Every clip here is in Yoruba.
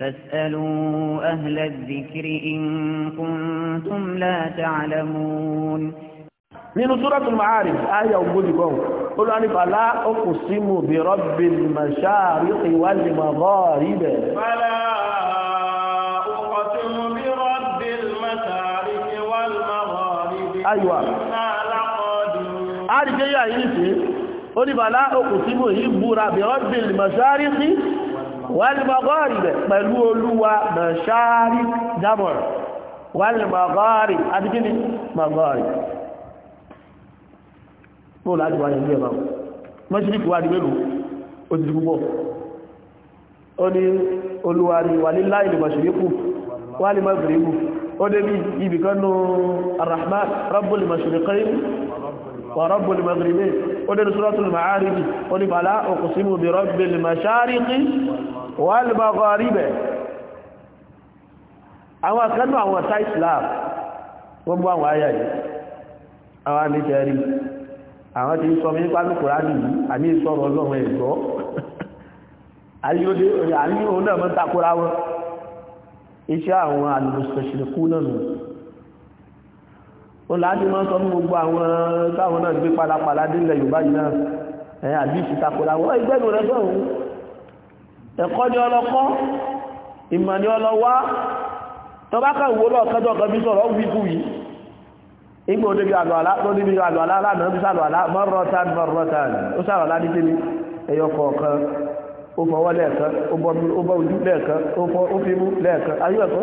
فاسألوا أهل الذكر إن كنتم لا تعلمون من سورة المعارف آية لكم قلوا أني فلا أقسم برب المشارق والمغارب فلا أقسم برب المشارق والمغارب أيوة أعرف يا إنسي قلوا فلا أقسم برب المشارق wàlùmọ̀gọ́rì pẹ̀lú olúwa mọ̀ṣáárì dámọ̀rì wàlùmọ̀gọ́rì abikini mọ̀gọ́rì fún láti wà nílé ẹ̀bá mọ́ṣíríkì wà ní mẹ́rù ó ti púpọ̀ ó ní olúwa ni wà nílá ìlú mọ̀ṣíríkù wà ní mọ̀ṣíríkù ó dé bí ibìkan nù arahman rabbul mashriqayn onínú suratul ma'arij onífàlá uqsimu bi rabbil mashariqi wal magharibi àwọn akẹ́nù àwọn ọ̀tá islam wọ́n bú àwọn ayà yìí àwọn anìjẹ́rí àwọn ti sọ nípa ní kòránì yìí àní ìsọ̀rọ̀ ọlọ́run òun láti máa ń sọ fún gbogbo àwọn táwọn náà gbé palapàla délẹ̀ yorùbá yìí náà ẹ̀ àbí ìfìtakòrò àwọn ìgbẹ́nu rẹ̀ sọ̀rọ̀ ẹ̀kọ́ ni ọlọ́kọ́ ìmọ̀ ni ọlọ́wá tọba kan wo lọ́ọ̀kẹ́jọ́ kan bí sọ̀rọ̀ wíkú yìí igbó níbi àlọ́àlá tó níbi àlọ́àlá lánàá bí sàlọ́àlá mọ́rọ̀tán mọ́rọ̀tán ó sàlọ́àlá ní kíní ẹyọ kọ̀ọ̀kan ó fọwọ́ lẹ́ẹ̀kan ó bọ́ ojú lẹ́ẹ̀kan ó fi mú lẹ́ẹ̀kan ayú ẹ̀kọ́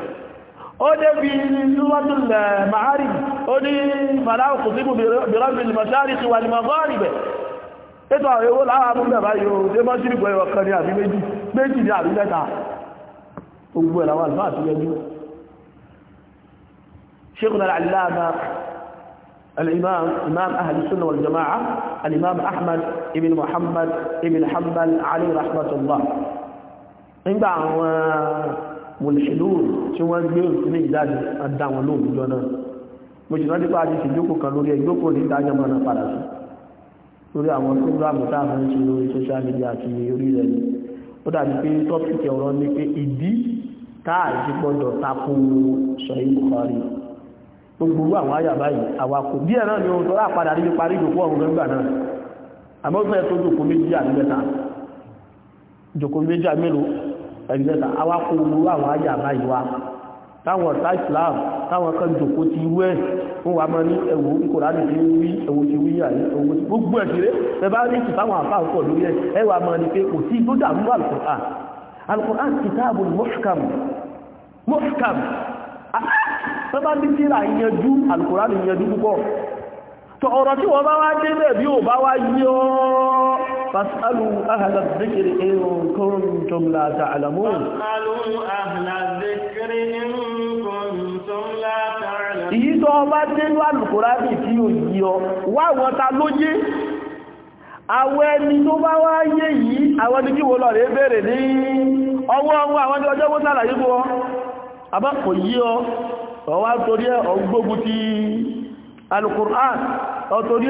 ó débi lúwọ́tùlẹ̀ ma'ari ó ní fàláwù kò síbù bìrọ́bì lìmọ̀ṣárì ti wà ní mọ̀gọ́rì bẹ̀ ètò àwọn ewó láwà mú bẹ̀bá yóò dé mọ́ sírì pẹ̀lú ní àbí méjì méjì ní àbí mẹ́ta gbogbo ẹ̀ العلامة الإمام إمام أهل السنة والجماعة الإمام أحمد ابن محمد ابن حنبل عليه رحمة الله nígbà mùlẹ̀ṣẹ̀lóòrùn tí wọ́n gbé òsìlé ìdájọ́ àdá wọn lóògbùjọ náà mo ṣe rántí pàájú ìṣèjókòó kan lórí ẹgbẹ́kò ní ìdájọ́ mọ́nà padà sí lórí àwọn prógrámù táàmù ń ṣe lórí social media àti orí rẹ̀ ni ó dàbí pé tọ́pìkì ọ̀rọ̀ ni pé ìdí Bukhari gbogbo àwọn àyà báyìí àwakò díẹ̀ ni ohun tó lápadà níbi parí ìjòkó ọ̀hún gbẹ́ngbà náà àmọ́ fẹ́ tó jòkó méjì àbí ẹgbẹ́ta awakọ̀ olúwà àwọn ajá báyìí wá táwọn ọ̀tá Islam táwọn kan jòkó ti wẹ́ fún wa mọ́ ní ẹ̀wò Kùránì tí wí ẹ̀wò ti wí àyè ẹ̀wò ti gbogbo ẹ̀kẹ́rẹ́ ẹbá ní ti táwọn àfáà pọ̀ lórí ẹ̀ ẹwà mọ́ ní pé kò sí tó dàmú Al-Qur'an Al-Qur'an kitabun muhkam muhkam ah, bá ní tíra ìyẹjú Al-Qur'an ìyẹjú púpọ̀ tọ̀ ọ̀rọ̀ tí wọ́n bá wá dé bẹ́ẹ̀ bí ò bá wá yí ọ́ فاسألوا أهل الذكر إن كنتم لا تعلمون فاسألوا tó ọba tí ló alùkùránì tí ó yí ọ wá wọn ta ló yé àwọn ẹni tó bá wá yé yìí àwọn ẹni kí wo lọ rẹ̀ bèèrè ní ọwọ́ ọwọ́ àwọn ẹni ọjọ́ wọ́n sàlàyé fún ọ kò yí ọ ọwá torí ẹ ọgbógun ti alùkùránì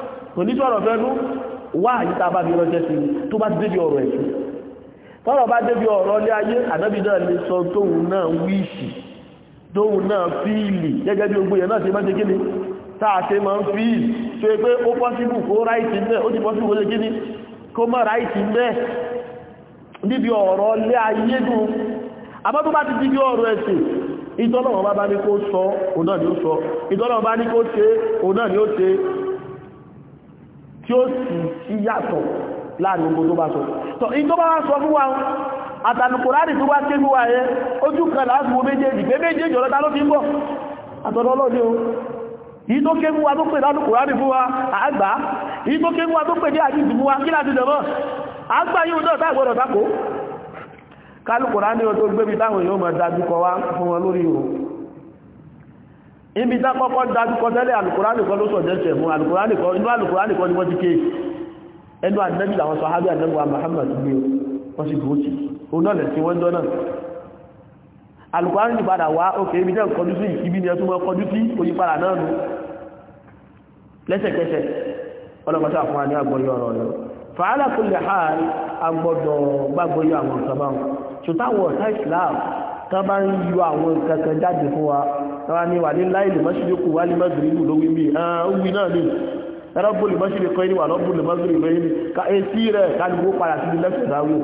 kò ní sọ̀rọ̀ fẹ́nu wá àyíká bá fi ránṣẹ́ sí tó bá ti débi ọ̀rọ̀ ẹ̀sìn tọ́rọ̀ bá débi ọ̀rọ̀ lé ayé ànábì náà lè sọ tóun náà wíṣì tóun náà fíìlì gẹ́gẹ́ bí ogun yẹn náà ṣe máa ṣe kíni táà ṣe máa ń fíìlì tó yẹ pé ó pọ́síbù kó ráìtì mẹ́ ó ti pọ́síbù kó ṣe kíni kó bá ní kó sọ òun náà ni ó sọ ìtọ́lọ́wọ́n bá ní kó ṣe òun náà ni ó ṣe tí ó sì sí yàtọ̀ láàrin gbogbo tó bá sọ tọ́ in tó bá wá sọ fún wa àtàlùkùránì tó bá ké fún wa yẹ ojú kan láàrín wo méjèèjì pé méjèèjì ọ̀rọ̀ o tó ké fún wa tó pè fún wa àgbà tó ké fún wa tó pè ní fún wa kí láti ibi tá kọ́kọ́ dájúkọ tẹ́lẹ̀ alùkùránì kan ló sọ̀jẹ́sẹ̀ mú alùkùránì kan inú alùkùránì kan ni wọ́n ti ké ẹnu àdínẹ́bì àwọn sọ̀hábí àdínẹ́bùwà Muhammad gbé wọ́n sì gbóòtì òun náà lẹ̀sí wọ́n jọ́nà alùkùránì padà ni ẹtún wọ́n kọjú sí oyin padà náà nù lẹ́sẹ̀kẹsẹ̀ ọlọ́mọdé àfún wa ní agbọ́yọ̀ ọ̀rọ̀ rẹ̀ fàálà kò lè Islam tán bá ń yọ àwọn tọ́wá ní wà ní láìlì mọ́ṣílẹ̀kù wà ní mọ́gbìrìbù ló wíwí ọ̀hún náà ní ẹ̀rọ́bùlì mọ́ṣílẹ̀ kan ní wà lọ́bùlì mọ́gbìrìbù yìí ká etí rẹ̀ kálukú padà sí lẹ́fẹ̀ẹ́ sáwò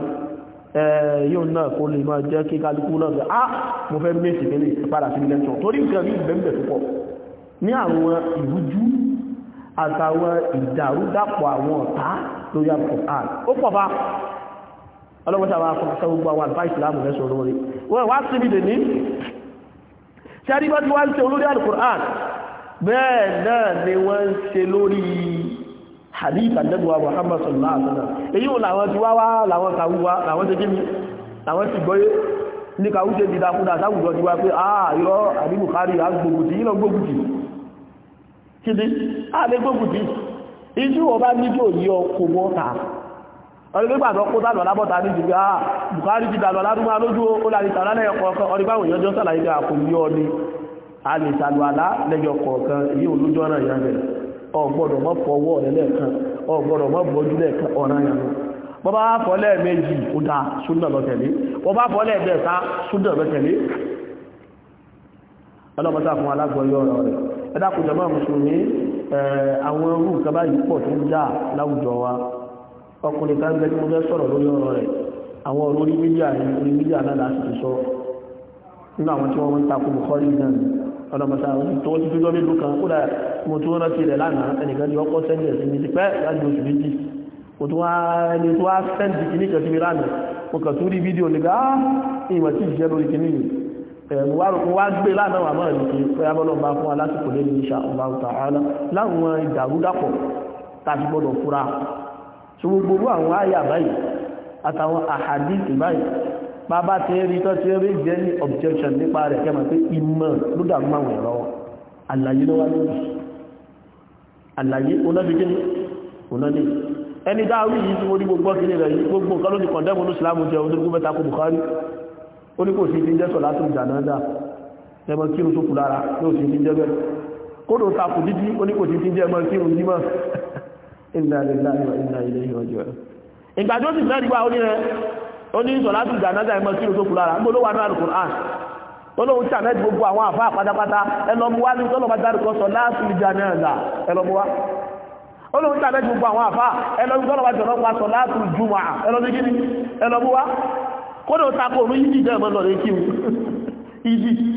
yóò náà kó lè máa jẹ́ kí kálukú náà fẹ́ á ah, mo fẹ́ mẹ́sì mẹ́lẹ̀ padà sí lẹ́fẹ̀ẹ́ torí nǹkan ní bẹ́ẹ̀ púpọ̀ ní àwọn ìrújú àtàwọn ìdàrúdàpọ̀ àwọn ọ̀tá lórí àpọ̀ ó pọ̀ bá ọlọ́wọ́sà wa fọ́ tẹ́rí bá ti wá ń ṣe olórí alukur'an bẹ́ẹ̀ náà ni wọ́n ń ṣe lórí hadith annabuwa muhammad sallallahu alaihi wasallam èyí ò làwọn ti wá wá làwọn kàwúwa làwọn ti kíni làwọn ti gbọ́yé ní kàwú ṣe ti dákúdá sáwùjọ ti wá pé àà irọ́ àbí bukhari à kìdí àlẹ́ gbógùtì ìjú ọba níbi òyí ọkọ̀ wọ́ta ọdún nígbà tó kó dàlọ́ lábọ́ta ní jùlọ àà Buhari ti dàlọ́ lárúgbà lójú ó láti tààrà lẹ́yọ kọ̀ọ̀kan ọdún báwọn èèyàn jọ sàlàyé pé àkó yí ọdí a lè tàlù àlá lẹ́yọ kọ̀ọ̀kan èyí olójú ọ̀ràn ìyá rẹ̀ ọgbọ́dọ̀ mọ́ fọwọ́ rẹ̀ lẹ́ẹ̀kan ọgbọ́dọ̀ mọ́ bọ́jú lẹ́ẹ̀kan ọ̀ràn ìyá rẹ̀ bọ́bá fọ́ lẹ́ẹ̀mejì ó dáa súnà lọ́tẹ̀lé bọ́bá fọ́ lẹ́ẹ̀mẹ́ta súnà lọ́tẹ̀lé àwọn orú nǹkan báyìí pọ̀ tó ń jà láwùjọ wa ọkùnrin kan gẹ́ tí mo fẹ́ sọ̀rọ̀ lórí ọ̀rọ̀ rẹ̀ àwọn olórí mídíà ní orí mídíà náà láti ti sọ nínú àwọn tí wọ́n ń takò Bukhari náà ọlọ́mọta tó ti fi lọ́mí lùkàn kódà mo tún rántí rẹ̀ lánàá ẹnìkan ní ọkọ̀ sẹ́ńdẹ̀ sí mi ti pẹ́ láti oṣù méjì mo tún wá ẹni tó wá sẹ́ńdì kìíní kan sí mi lánàá mo kàn tún rí fídíò nígbà á ah, ìwọ̀n tí ìjẹ́ lórí kìíní yìí wá gbé lánàá wà máa nìkí pẹ́yàbọ́lọ́mbà fún alásìkò lẹ́nu insha Allah ta'ala láwọn ìdàrúdàpọ̀ tàbí gbọ́dọ̀ fúra so gbogbo àwọn àyà báyìí àtàwọn àhàdìsì báyìí bàbá ti rí tọ́ ti rí jẹ́ ní objection nípa rẹ̀ kẹ́mà pé ìmọ̀ ló dàmú àwọn ẹ̀rọ àlàyé ló wá lórí àlàyé onábìkíní onáni ẹni dáwí yìí tí wọ́n ní gbogbo kí ní rẹ̀ yìí gbogbo nǹkan ló ti kọ̀ndẹ́mù ní ìsìlámù jẹ́ olóògùn mẹ́ta kò Bukhari ó ní kò sí ti jẹ́ sọ láti ìjànáńdà ẹmọ kírun tó kù lára yóò sí ti jẹ́ bẹ́ẹ̀ kódò takù dídí ó ní kò sí ti jẹ́ ẹmọ kírun dímọ̀ inna lillahi wa inna ilayhi raji'un ìgbà tó sì fẹ́ẹ́ dìgbà oní rẹ̀ oní sọ̀látù jánásà ẹ̀mọ́ sí òṣòkú lára ń gbọ́lọ́wà náà Al-Qur'an olóhun tí àmẹ́jì gbogbo àwọn àfá pátápátá ẹlọmúwá ní tọ́lọ̀ bá dárúkọ sọ̀látù jánásà ẹlọmúwá olóhun tí àmẹ́jì gbogbo àwọn àfá ẹlọmúwá tọ́lọ̀ bá jọ̀rọ̀ pa sọ̀látù jùmọ̀ ẹlọmúwá kódò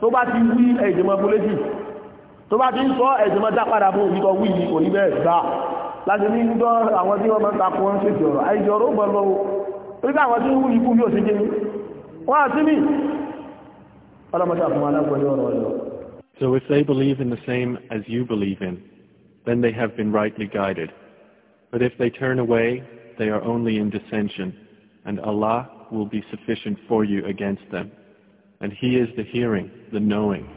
tó bá ti wí ẹ̀jẹ̀mọ́ tó bá ti ń sọ ẹ̀jẹ̀mọ́ dápadà fún wí láti ní àwọn tí wọ́n máa takò ń ṣe So if they believe in the same as you believe in, then they have been rightly guided. But if they turn away, they are only in dissension, and Allah will be sufficient for you against them and he is the hearing, the knowing.